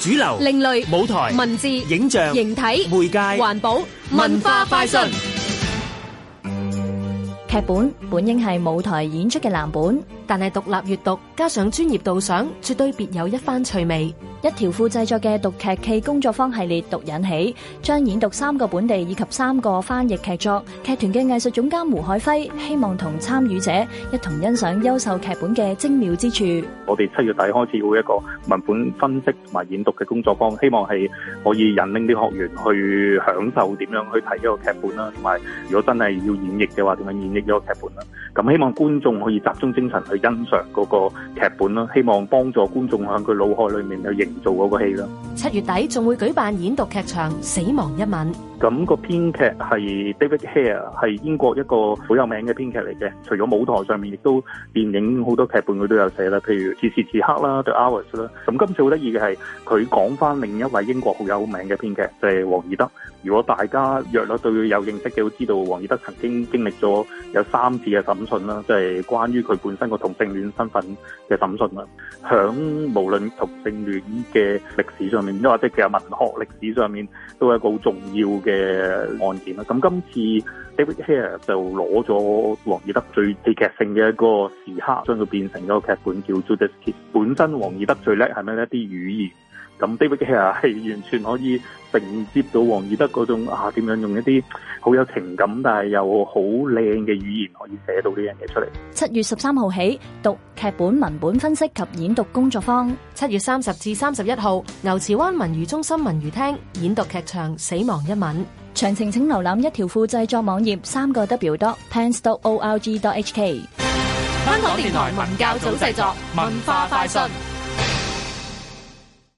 主流、另類、舞台、文字、影像、形體、媒介、環保、文化、快訊、劇本本應係舞台演出嘅藍本。但係獨立閱讀加上專業導賞，絕對別有一番趣味。一條褲製作嘅讀劇器工作坊系列讀引起，將演讀三個本地以及三個翻譯劇作。劇團嘅藝術總監胡海輝希望同參與者一同欣賞優秀劇本嘅精妙之處。我哋七月底開始會一個文本分析同埋演讀嘅工作坊，希望係可以引領啲學員去享受點樣去睇一個劇本啦，同埋如果真係要演繹嘅話，點樣演繹呢個劇本啦。咁希望觀眾可以集中精神去欣賞嗰個劇本咯，希望幫助觀眾響佢腦海裏面去營造嗰個戲咯。七月底仲會舉辦演讀劇場《死亡一吻》。咁、那個編劇係 David Hare，係英國一個好有名嘅編劇嚟嘅。除咗舞台上面，亦都電影好多劇本佢都有寫啦。譬如此時此刻啦，《The Hours》啦。咁今次好得意嘅係，佢講翻另一位英國好有名嘅編劇就係、是、王爾德。如果大家約略對佢有認識嘅，知道王爾德曾經經歷咗有三次嘅審訊啦，即、就、係、是、關於佢本身個同性戀身份嘅審訊啦。響無論同性戀嘅歷史上，或者其實文學歷史上面都係一個好重要嘅案件啦。咁今次 David Hare 就攞咗王爾德最戲劇，劇性嘅一個時刻，將佢變成咗個劇本，叫做 The Judas Kiss。本身王爾德最叻係咩咧？一啲語言。咁呢部劇啊，係完全可以承接到黃義德嗰種啊，點樣用一啲好有情感但係又好靚嘅語言可以寫到呢樣嘢出嚟。七月十三號起，讀劇本文本分析及演讀工作坊；七月三十至三十一號，牛池灣文娛中心文娛廳演讀劇場《死亡一吻》。詳情請瀏覽一條褲製作網頁三個 w dot p e n s t o c o r g dot h k。香港電台文教組製作文化快訊。